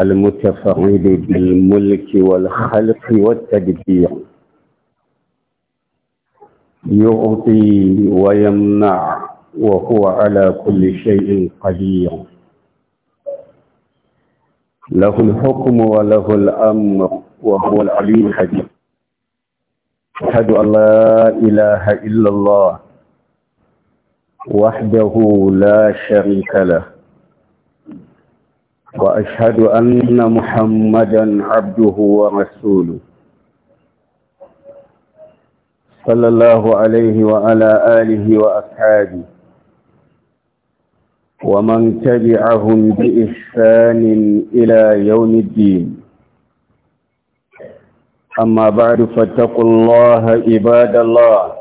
المتفرد بالملك والخلق والتدبير يعطي ويمنع وهو على كل شيء قدير له الحكم وله الأمر وهو العلي الحكيم أشهد أن لا إله إلا الله وحده لا شريك له وأشهد أن محمدا عبده ورسوله صلى الله عليه وعلى آله وأصحابه ومن تبعهم بإحسان إلى يوم الدين أما بعد فاتقوا الله عباد الله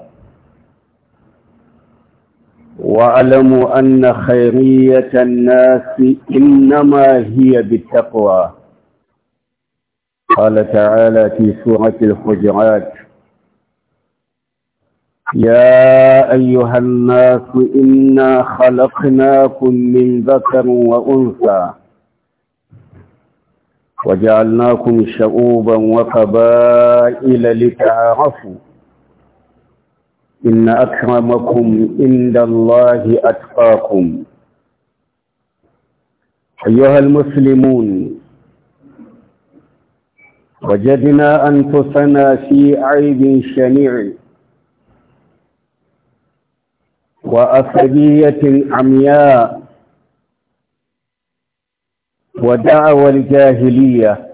واعلموا أن خيرية الناس إنما هي بالتقوى قال تعالى في سورة الحجرات يا أيها الناس إنا خلقناكم من ذكر وأنثى وجعلناكم شعوبا وقبائل لتعارفوا إن أكرمكم عند الله أتقاكم أيها المسلمون وجدنا أنفسنا في عيب شنيع وأصبية عمياء ودعوى الجاهليه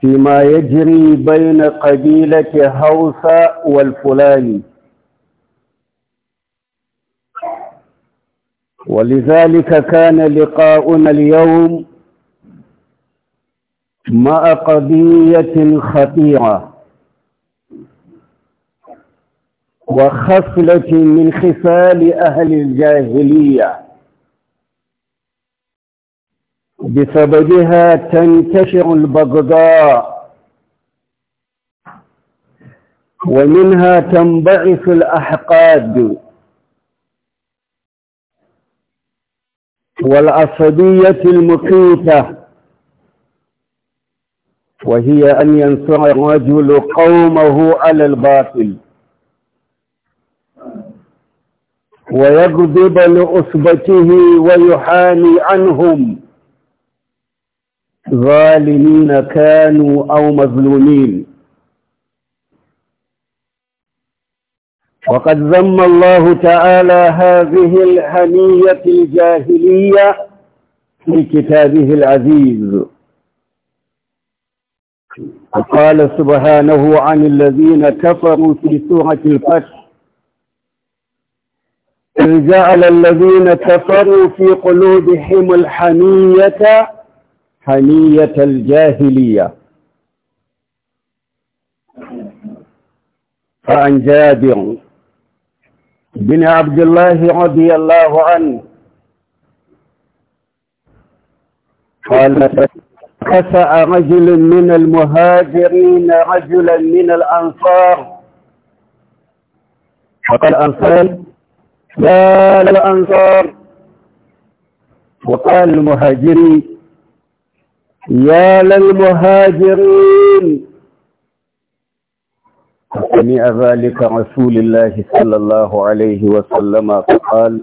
فيما يجري بين قبيلة هوسة والفلاني ولذلك كان لقاؤنا اليوم مع قضية خطيرة وخفلة من خصال أهل الجاهلية بسببها تنتشر البغضاء ومنها تنبعث الأحقاد والعصبية المقيتة وهي أن ينصر الرجل قومه على الباطل ويغضب لأصبته ويحاني عنهم ظالمين كانوا أو مظلومين وقد ذم الله تعالى هذه الهنية الجاهلية في كتابه العزيز وقال سبحانه عن الذين كفروا في سورة الفتح إذ جعل الذين كفروا في قلوبهم الحمية حمية الجاهلية فعن جابر بن عبد الله رضي الله عنه قال كسأ رجل من المهاجرين رجلا من الأنصار فقال الأنصار يا الأنصار وقال المهاجرين يا للمهاجرين سمع ذلك رسول الله صلى الله عليه وسلم فقال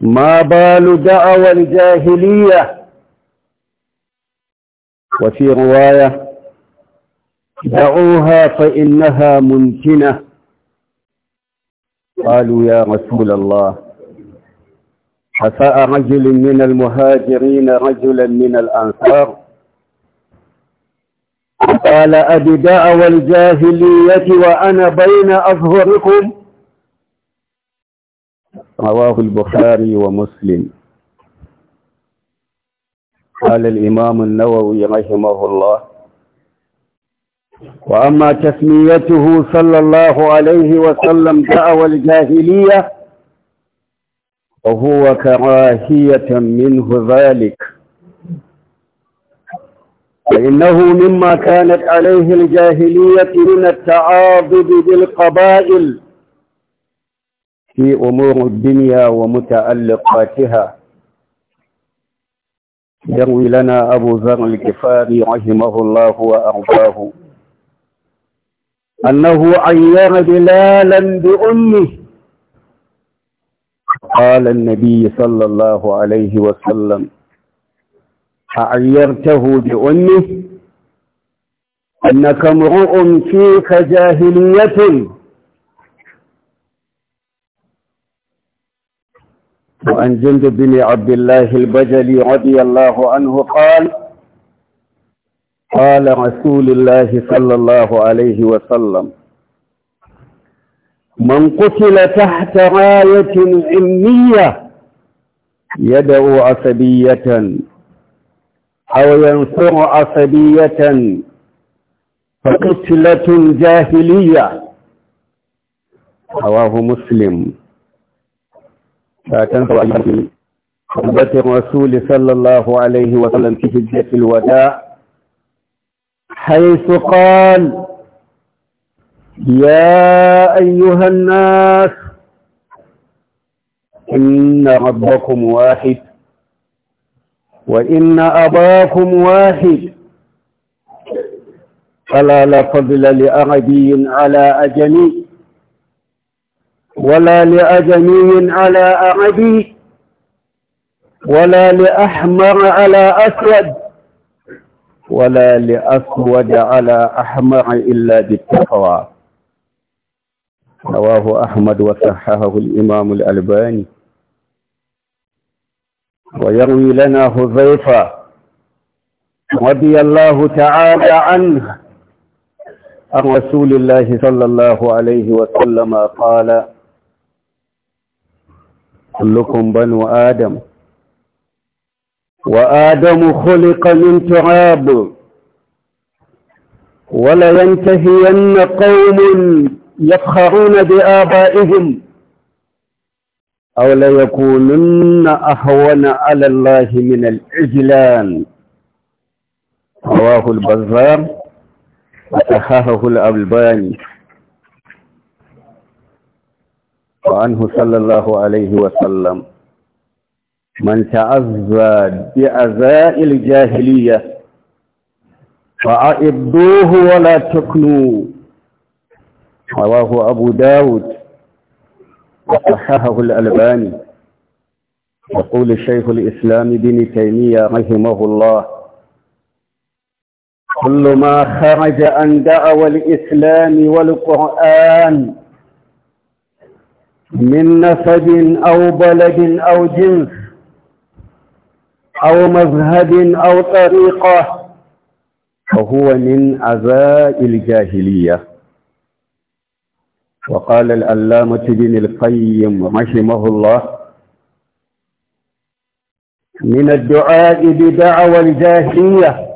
ما بال دعوى الجاهلية وفي رواية دعوها فإنها ممكنة قالوا يا رسول الله حفاء رجل من المهاجرين رجلا من الأنصار قال أبداء والجاهلية وأنا بين أظهركم رواه البخاري ومسلم قال الإمام النووي رحمه الله وأما تسميته صلى الله عليه وسلم دعوى الجاهلية وهو كراهية منه ذلك فإنه مما كانت عليه الجاهلية من التعاضد بالقبائل في أمور الدنيا ومتعلقاتها يروي لنا أبو ذر الكفاري رحمه الله وأرضاه أنه عير بلالا بأمه قال النبي صلى الله عليه وسلم أعيرته بأمه أنك امرؤ فيك جاهلية وعن جند بن عبد الله البجلي رضي الله عنه قال قال رسول الله صلى الله عليه وسلم من قتل تحت راية علمية يدعو عصبية أو ينصر عصبية فقتلة جاهلية رواه مسلم لا تنسوا أيها حبة الرسول صلى الله عليه وسلم في حجة الوداع حيث قال يا أيها الناس إن ربكم واحد وإن أباكم واحد فلا لفضل فضل لأعدي على أجمي ولا لأجمي على أعدي ولا لأحمر على أسود ولا لأسود على أحمر إلا بالتقوى رواه أحمد وصححه الإمام الألباني ويروي لنا حذيفة رضي الله تعالى عنه عن رسول الله صلى الله عليه وسلم قال كلكم بنو آدم وآدم خلق من تراب ولينتهين قوم يفخرون بآبائهم أو ليكونن أهون على الله من الإجلال رواه البزار وصححه الألباني وعنه صلى الله عليه وسلم من تعزى بعزاء الجاهلية فأعدوه ولا تكنوا رواه أبو داود وصححه الألباني يقول الشيخ الإسلام بن تيمية رحمه الله كل ما خرج عن دعوى الإسلام والقرآن من نسب أو بلد أو جنس أو مذهب أو طريقة فهو من عزاء الجاهلية وقال الألامة بن القيم رحمه الله من الدعاء بدعوى الجاهلية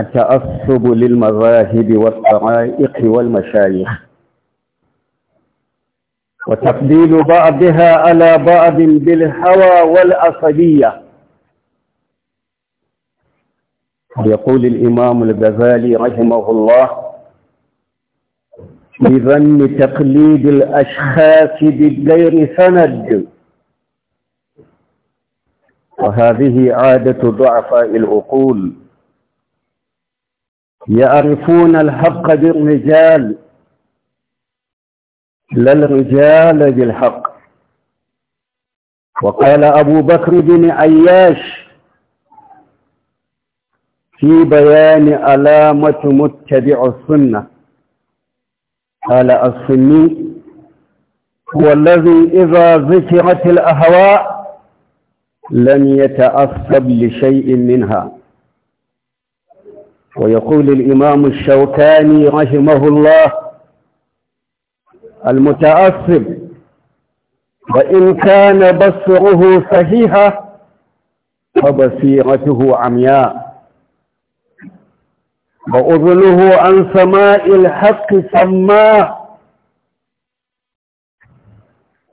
التأصب للمذاهب والطرائق والمشايخ وتقديل بعضها على بعض بالهوى والعصبية يقول الإمام الغزالي رحمه الله بظن تقليد الأشخاص بغير سند وهذه عادة ضعفاء العقول يعرفون الحق بالرجال لا الرجال بالحق وقال أبو بكر بن عياش في بيان علامة متبع السنة قال الصني هو الذي إذا ذكرت الأهواء لم يتعصب لشيء منها ويقول الإمام الشوكاني رحمه الله المتعصب وإن كان بصره صحيحا فبصيرته عمياء وأذله عن سماء الحق سماه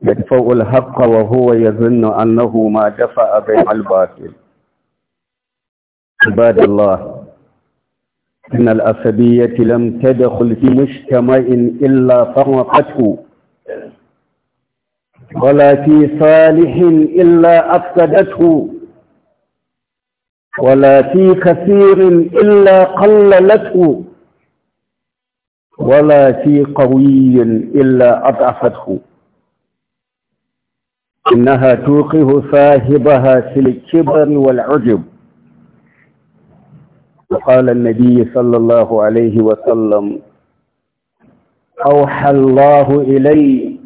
يدفع الحق وهو يظن أنه ما دفع بين الباطل عباد الله إن الأسبية لم تدخل في مجتمع إلا فرقته ولا في صالح إلا أفسدته ولا في كثير إلا قللته ولا في قوي إلا أضعفته إنها توقه صاحبها في الكبر والعجب وقال النبي صلى الله عليه وسلم أوحى الله إلي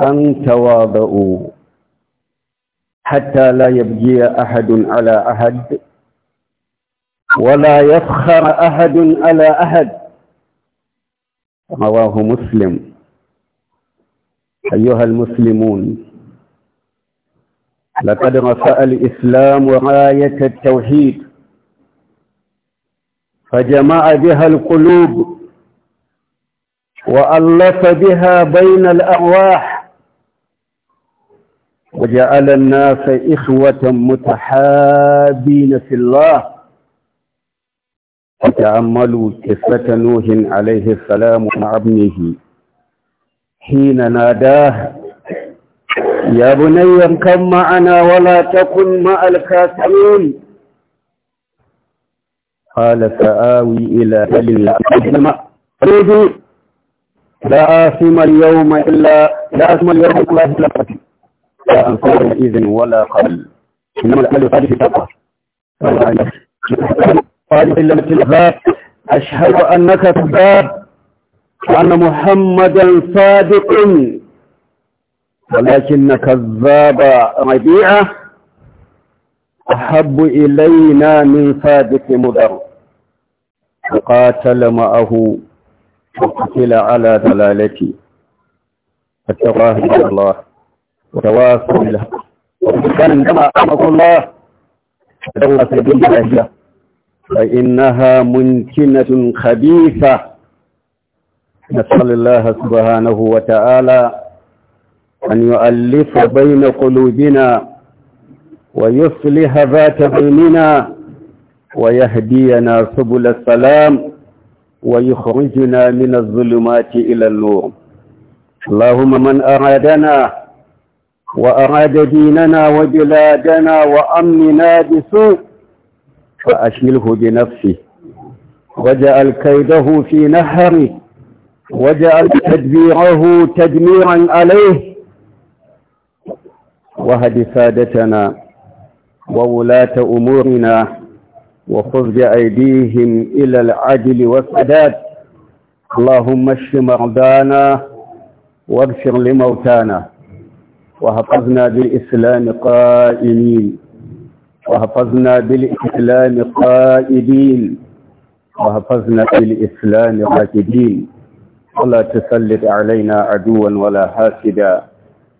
أن تواضعوا حتى لا يبجي أحد على أحد ولا يفخر أحد على أحد رواه مسلم أيها المسلمون لقد رفع الإسلام راية التوحيد فجمع بها القلوب وألف بها بين الأرواح وجعل الناس إخوة متحابين في الله فتأملوا كفة نوح عليه السلام مع ابنه حين ناداه يا بني كم معنا ولا تكن مع الكافرين قال سآوي إلى لا آثم اليوم إلا لا آثم اليوم إلا لا من إذن ولا قبل إنما العمل في تقوى قال إلا مثل أشهد أنك تباب وأن محمدا صادق ولكن كذاب ربيعة أحب إلينا من صادق مضر وقاتل معه وقتل على دلالتي فاتقاه الله وتواصوا عندما أمر الله فإنها ممكنة خبيثة نسأل الله سبحانه وتعالى أن يؤلف بين قلوبنا ويصلح ذات بيننا ويهدينا سبل السلام ويخرجنا من الظلمات إلى النور اللهم من أرادنا وأراد ديننا وبلادنا وأمننا بسوء فأشمله بنفسه وجعل كيده في نهره وجعل تدبيره تدميرا عليه وهد سادتنا وولاة أمورنا وخذ بأيديهم إلى العدل والسداد اللهم اشف مرضانا واغفر لموتانا وحفظنا بالإسلام قائمين وحفظنا بالإسلام قائدين وحفظنا بالإسلام قائدين ولا تسلط علينا عدوا ولا حاسدا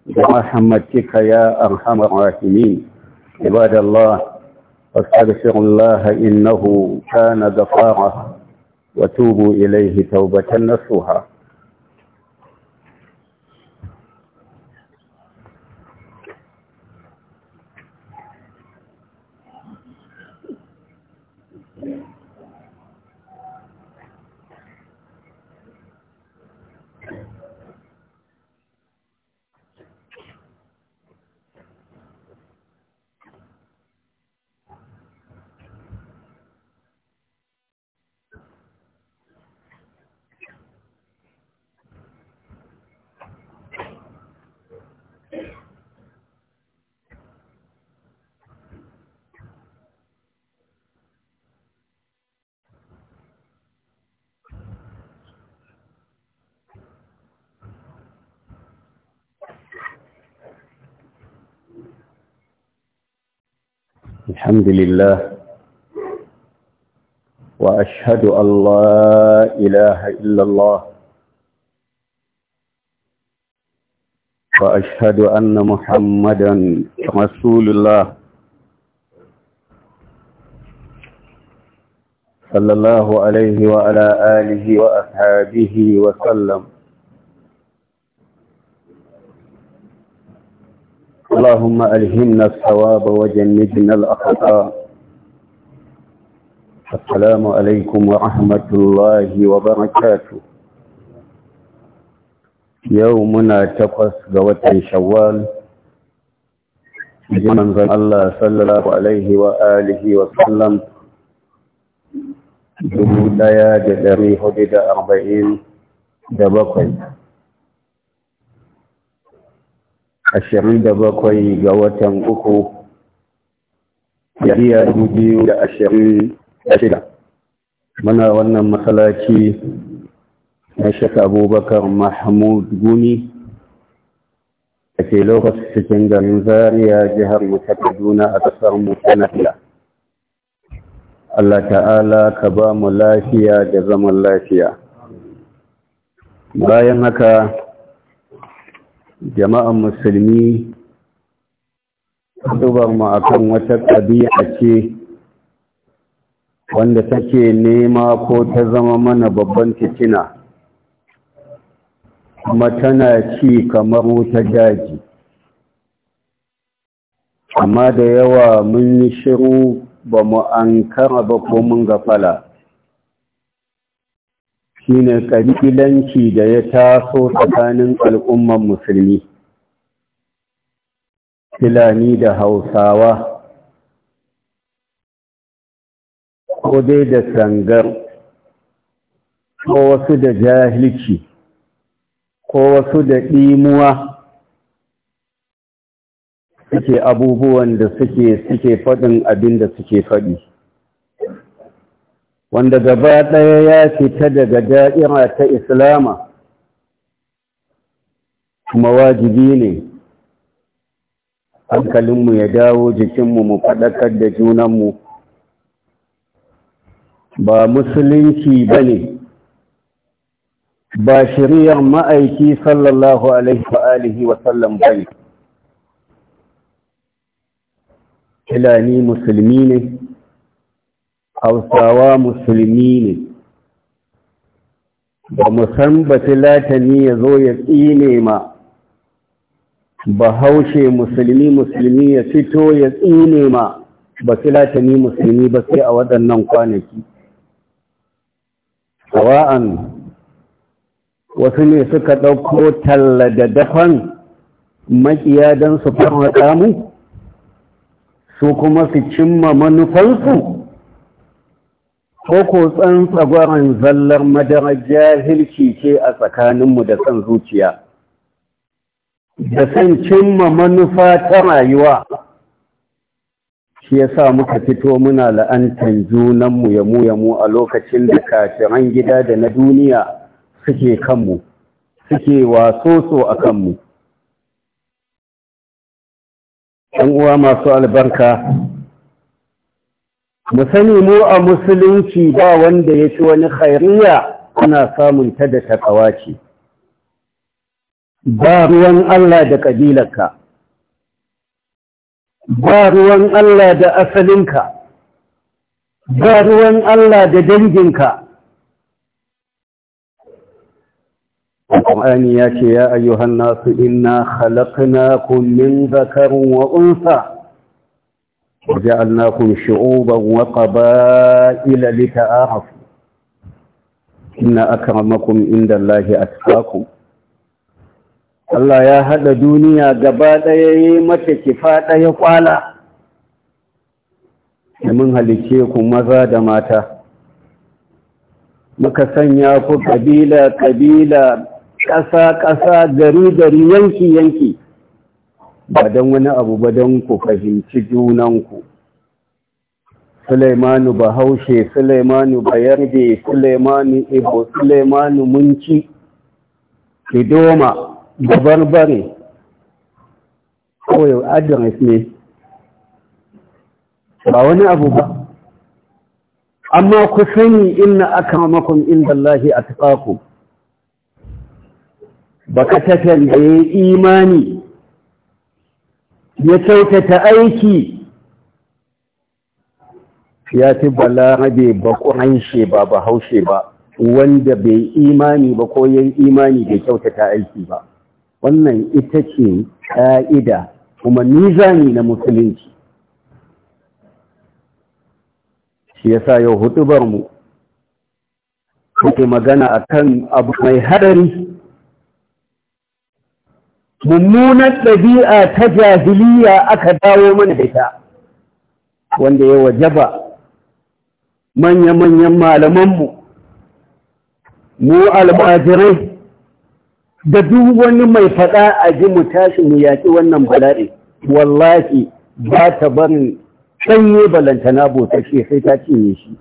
برحمتك يا أرحم الراحمين عباد الله واستغفر الله إنه كان غفارا وتوبوا إليه توبة نصوحا الحمد لله وأشهد أن لا إله إلا الله وأشهد أن محمدا رسول الله صلى الله عليه وعلى آله وأصحابه وسلم اللهم ألهمنا الصواب وجنبنا الأخطاء السلام عليكم ورحمة الله وبركاته يومنا تقص قوة شوال من الله صلى الله عليه وآله وسلم دبو دايا جدري حدد أربعين دبقين ashirin da bakwai ga watan uku yariya dubu biyu da ashirin da shida muna wannan matsalaci na shaka abubakar mahmud guni da ke lokaci cikin garin zariya jihar mu kaduna a ƙasar mu na Allah ta'ala ka ba mu lafiya da zaman lafiya bayan haka jama'an musulmi dubar mu akan wata ƙabi'a ce wanda take nema ko ta zama mana babban titina, kuma tana ci kamar wuta daji amma da yawa mun yi shiru ba mu an ba ko mun gafala shine kabilanci da ya taso tsakanin al'umman musulmi filani da hausawa ko dai da sangar ko wasu da jahilci ko wasu da ɗimuwa suke abubuwan da suke suke faɗin abin da suke faɗi wanda gaba ɗaya ya fita daga da'ira ta islama kuma wajibi ne hankalinmu ya dawo jikinmu mu faɗakar da junanmu ba musulunci ba ne ba shiriyar ma'aiki sallallahu alaihi wasallam ba ne ilani musulmi ne hausawa musulmi ne ba musambata latani ya zo ya tsine ma bahaushe musulmi musulmi ya fito ya tsine ma ba filatani musulmi ba sai a waɗannan kwanaki tsawa'an wasu ne suka ɗauko talla da dafan makiya don su fara mu su kuma su cimma manufansu ko ko tsan tsantsagwaron zallar madarar jahilci ce a tsakaninmu da san zuciya da san cimma manufa ta rayuwa shi ya sa muka fito muna la'antan junanmu ya mu ya mu a lokacin da kafiran gida da na duniya suke kanmu suke wasoso a kanmu ‘yan uwa masu albarka mu sani mu a musulunci ba wanda ya ci wani khairiya ana samun ta da takawa ce ba ruwan Allah da ƙabilarka ba ruwan Allah da asalinka ba ruwan Allah da danginka Al-Qur'ani ya ce ya ayyuhan nasu inna khalaqnakum min dhakarin wa unsa وجعلناكم شعوبا وقبائل لتعارفوا إن أكرمكم عند الله أتقاكم Allah ya haɗa duniya gaba ɗaya yi mata kifa ɗaya kwala, da mun halice ku maza da mata, muka sanya ku ƙabila-ƙabila, ƙasa-ƙasa, gari-gari, yanki-yanki. ba don wani abu ba don ku fahimci junanku haushe Bahaushe, ba Bayarbe, Sulaimanu Ibo, Sulaimanu Munci, doma gabar bari koyo adres ne ba wani abu ba amma ku sani inna aka makon inda Allahi a tafaku ba ka tafiya da ya yi imani ya kyautata aiki ya fi balarabe ba ƙuranshe ba ba haushe ba wanda bai imani ba ko yin imani bai kyautata aiki ba wannan ita ce ƙa'ida kuma ni zani na musulunci shi yasa yau hudubar mu kuke magana akan abu mai hadari Mummunan ɗabi'a ta jahiliya aka dawo mana da ita wanda ya wajaba manya-manyan malamanmu mu almajirai da duk wani mai faɗa a ji mu tashi mu yaƙi wannan bala'i wallahi ba ta barin sanye balantana ce sai ta cinye shi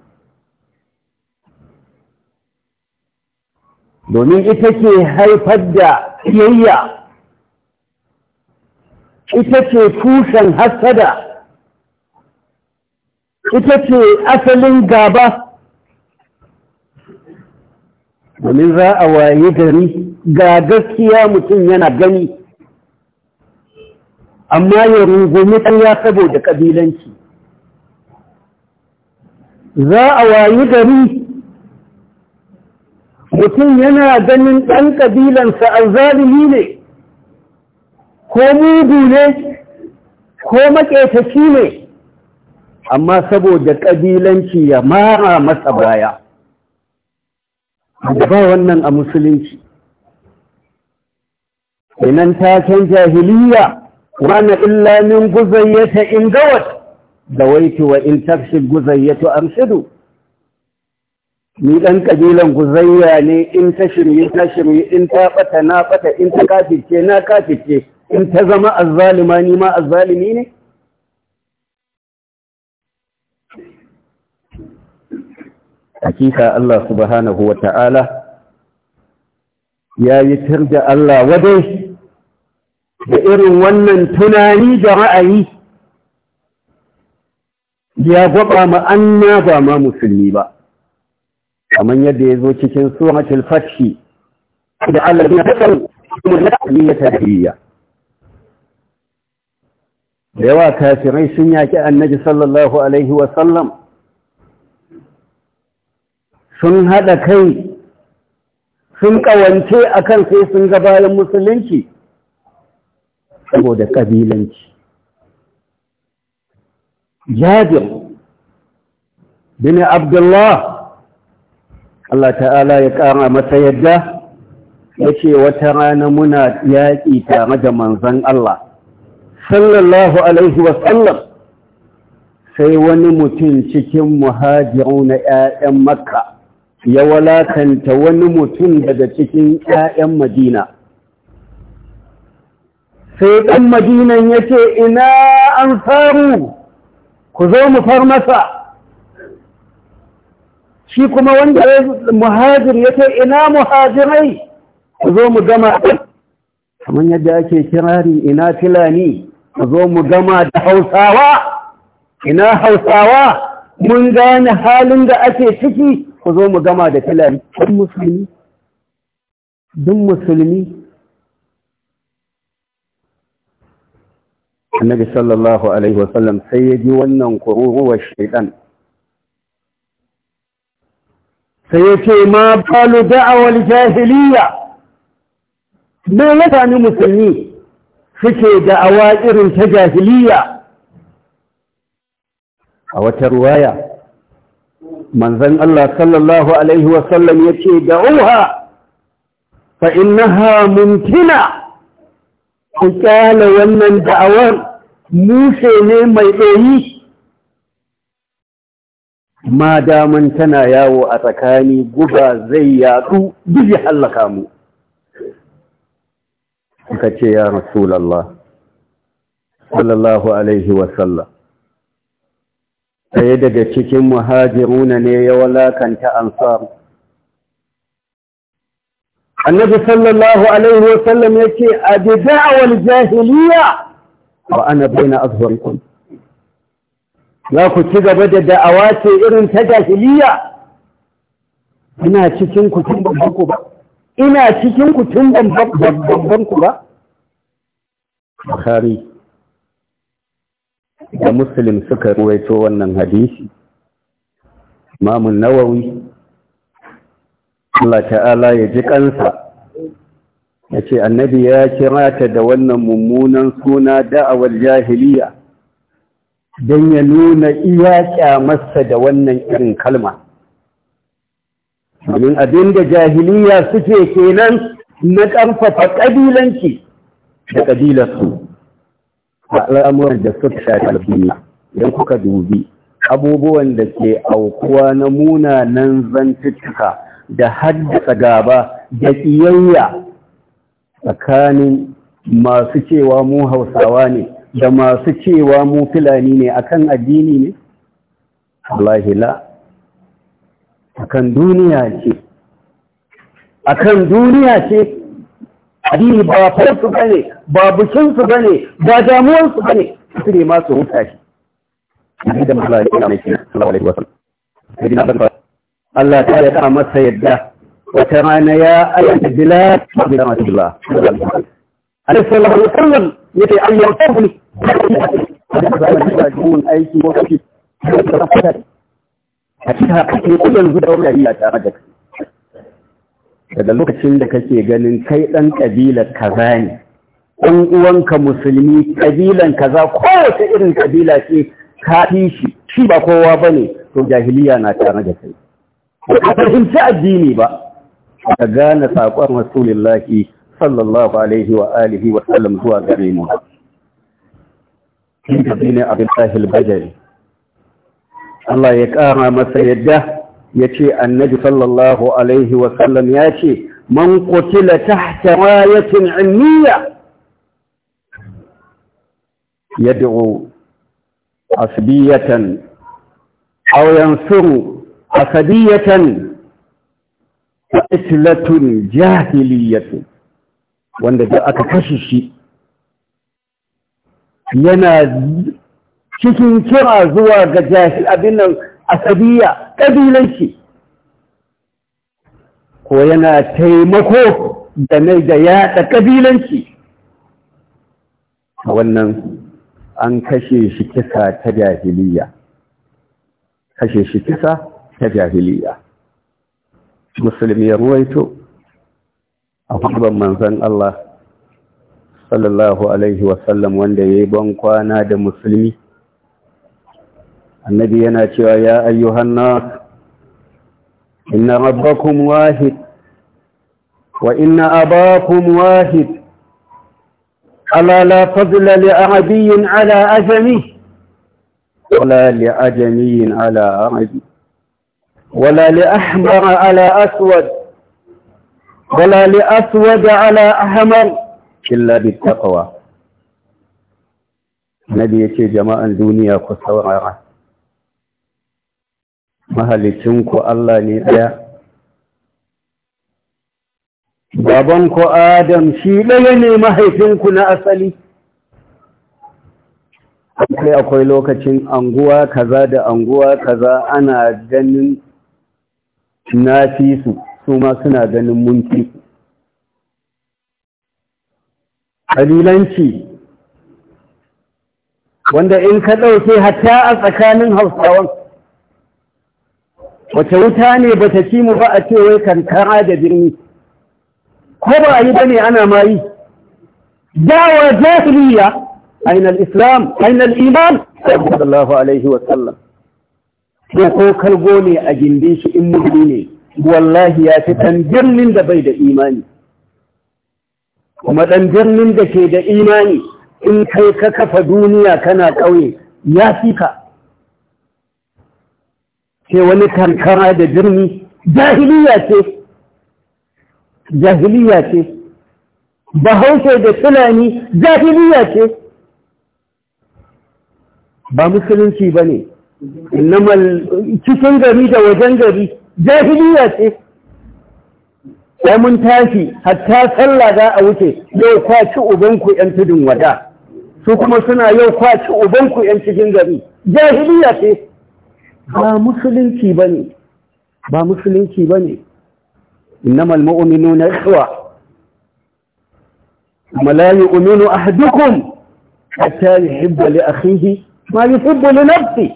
domin ita ke haifar da yayya ita ce tushen hasada ita ce asalin gaba domin za a waye gari ga gaskiya mutum yana gani amma ya rungumi ɗanya saboda ƙabilanci za a wayi gari mutum yana ganin ɗan ƙabilansa a zalimi ne ko mugu ne ko maƙetaci ne amma saboda ƙabilanci ya mara masa baya da ba wannan a musulunci inan taken jahiliya wani illamin guzayyata in gawat da waiti wa in tafshi guzayyatu amshidu ni ɗan ƙabilan guzayya ne in ta shirye ta shirye in ta ɓata na ɓata in ta kafice na kafice in ta zama azzalima ni ma azzalimi ne hakika Allah subhanahu wa ta'ala ya yi da Allah wadai da irin wannan tunani da ra'ayi ya gwaba ma'anna ba ma musulmi ba kamar yadda ya zo cikin suratul fashi da Allah ya kasar kuma na ta da yawa kafirai sun yaƙi annabi sallallahu alaihi wasallam sun haɗa kai sun ƙawance a kan sai sun ga bayan musulunci saboda ƙabilanci Jajir, bin abdullah Allah ta'ala ya ƙara masa yadda ya ce wata rana muna yaƙi tare da manzan Allah sallallahu alaihi wasallam sai wani mutum cikin muhajiru na 'ya'yan makka ya walakanta wani mutum daga cikin 'ya'yan madina sai ɗan madinan ya ce ina an faru ku zo mu far masa shi kuma wanda muhajir ya ce ina muhajirai ku zo mu gama kamar yadda ake kirari ina filani zo mu gama da hausawa ina hausawa mun gane halin da ake ciki ku zo mu gama da filari duk musulmi duk musulmi annabi sallallahu alaihi wasallam sai ya ji wannan kururuwar shaidan sai ya ce ma balu da'awar jahiliya me ya sami musulmi suke da'awa irin ta jahiliya a wata ruwaya manzan Allah sallallahu Alaihi wasallam ya ce da'uha fa innaha mumkina ku kyale wannan da'awar mushe ne mai ɗoyi ma daman tana yawo a tsakani guba zai yaɗu duk ya hallaka mu suka ce ya rasulallah sallallahu alaihi wasallam ɗaya daga cikin muhajiruna ne ya walakanta ansar annabi sallallahu alaihi wasallam ya ce a da'awar jahiliya wa ana baina azhurikum za ku ci gaba da da'awa ce irin ta jahiliya ina cikin ku tun ba ku ba ina cikin ku tun babban ku ba bukhari da muslim suka ruwaito wannan hadisi mamun nawawi Allah ta'ala ya ji kansa ya ce annabi ya kira ta da wannan mummunan suna da'awar jahiliya Dan ya nuna iya kyamarsa da wannan irin kalma domin abin da jahiliya suke kenan na ƙarfafa ƙabilanci da ƙabilarsu a al'amuran da suka shafi al'umma idan kuka dubi abubuwan da ke aukuwa na munanan zantuttuka da haddasa gaba da ƙiyayya tsakanin masu cewa mu hausawa ne da masu cewa mu fulani ne akan addini ne? Allah akan duniya ce akan duniya ce addini ba farsu bane ba bukin su bane ba damuwarsu su bane su ne masu su huta shi da mallaka ya mai sallallahu alaihi wasallam sai Allah ta yi yarda masa yadda wata rana ya ayyana bilal bin Abdullah Alaihi sallallahu alaihi wasallam yace an yarda ne da aiki ko kashi a cikin haka ne ko yanzu da wani iya tare da kai daga lokacin da kake ganin kai ɗan ƙabilar kaza ne ɗan uwanka musulmi ƙabilan kaza kowace irin ƙabila ce ka fi shi shi ba kowa ba ne to jahiliya na tare da kai ka fahimci addini ba ka gane saƙon rasulillahi sallallahu alaihi wa alihi wa sallam zuwa gare mu shi ne abin sahil bajari الله يكارا سيده يتي النبي صلى الله عليه وسلم ياتي من قتل تحت راية علمية يدعو عصبية أو ينصر عصبية فإسلة جاهلية وأن جاءك كشش ينا cikin kira zuwa ga jahil abin nan a sabiya ƙabilanci ko yana taimako da mai da yaɗa ƙabilanci a wannan an kashe shi kisa ta jahiliya kashe shi kisa ta jahiliya musulmi ya ruwaito a hukuban manzan Allah sallallahu alaihi wasallam wanda ya yi ban kwana da musulmi النبي يناتي يا أيها الناس إن ربكم واحد وإن أباكم واحد ألا لا فضل لأعبي على أجمي ولا لأجمي على أعبي ولا لأحمر على أسود ولا لأسود على أحمر إلا بالتقوى نبي جماعة الدنيا دنيا كثورة mahalicinku Allah ne ɗaya Baban ku, adam shi ɗaya ne mahaifinku na asali akwai akwai lokacin anguwa kaza da anguwa kaza ana ganin na fi su su ma suna ganin munti. fi wanda in ka ɗauke hatta a tsakanin hausawan wace wuta ne ba ta ci mu ba a ce wai kankara da birni ko ba a yi ba ne ana ma yi dawa jahiliya aina islam aina iman sallallahu alaihi wa sallam sai ko kalgo ne a gindin shi in mutum ne wallahi ya fi dan birnin da bai da imani kuma dan birnin da ke da imani in kai ka kafa duniya kana ƙauye ya fi ka ce wani kankara da birni jahiliya ce jahiliya ce bahaushe da fulani jahiliya ce ba musulunci ba ne cikin gari da wajen gari jahiliya ce sai mun tashi hatta sallah za a wuce yau kwaci ubanku yan tudun wada su kuma suna yau kwaci ubanku yan cikin gari jahiliya ce ba musulunci ba ne ba musulunci ba ne innamal mu'minu na tsuwa malayi uminu a hadukun a ta yi hibbali a khihi ma yi hibbali nafi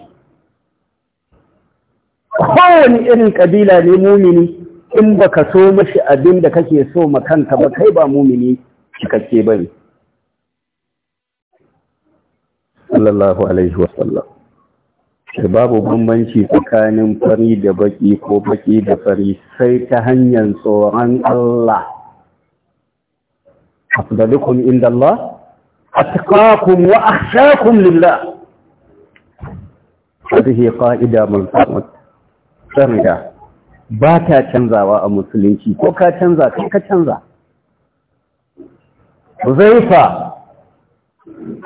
kowane irin kabila ne mumini in ba ka so mashi abin da kake so makanta ba kai ba mumini cikakke ba ne sallallahu alaihi wasallam da babu bambanci tsakanin fari da baki ko baki da fari sai ta hanyar tsoron Allah afdalukum inda Allah atqakum wa akhshakum lillah hadhihi qa'ida mulkamut sarda ba ta canzawa a musulunci ko ka canza kai ka canza Huzaifa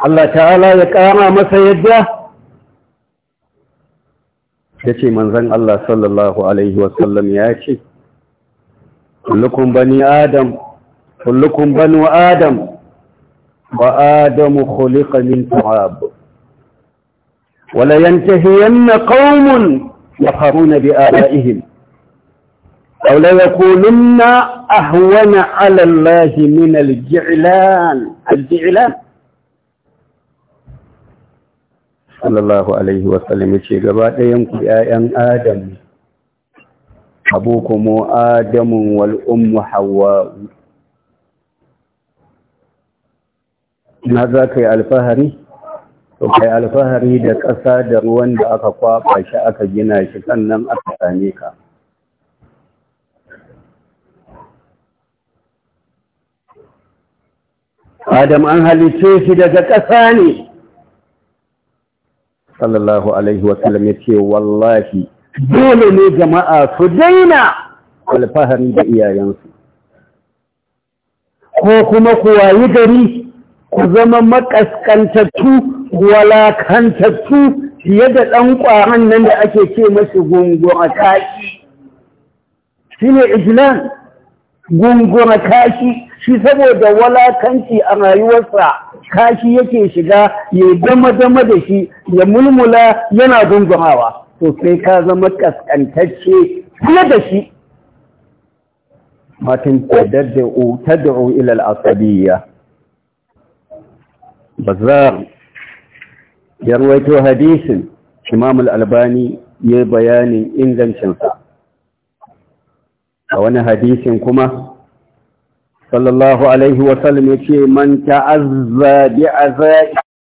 Allah ta'ala ya kara masa yadda yace manzon Allah sallallahu Alaihi wasallam ya ce, kullukum bani Adam, kullukum banu Adam, wa Adamu khuliqa min turab. Wala yantahiyanna qaumun yakharuna bi aba'ihim. aw la yaquluna ahwana ala أهون min al-ji'lan al-ji'lan sallallahu alaihi wasallam ya ce gaba ɗayan ku ‘ya'yan adam abokumo adamun wal'ummu hawa na za ka yi alfahari? to kai alfahari da ƙasa da ruwan da aka kwaɓa shi aka gina shi sannan aka same ka adam an halice shi daga ƙasa ne sallallahu alaihi wa ya ce wallahi dole ne jama'a su daina alfahari da iyayensu ko kuma ku wayi gari ku zama makaskantattu walakantattu fiye da ɗan ƙwaron nan da ake ce masu gungura kashi shi ne islam gungura kashi shi saboda walakanci a rayuwarsa kashi yake shiga ya dama dama da shi ya mulmula yana dungumawa to sai ka zama kaskantacce fiye da shi matan tadaddu tad'u ila asabiyya bazar ya ruwaito hadisin imam albani ya bayanin ingancinsa a wani hadisin kuma sallallahu alaihi wasallam ya ce man ta ta'azza bi azai